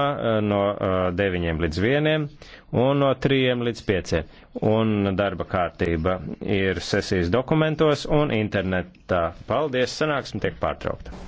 Uh, no 9 uh, līdz 1 un no 3 līdz 5. Un darba kārtība ir sesijas dokumentos un internetā. Paldies, sanāksim tiek pārtraukta.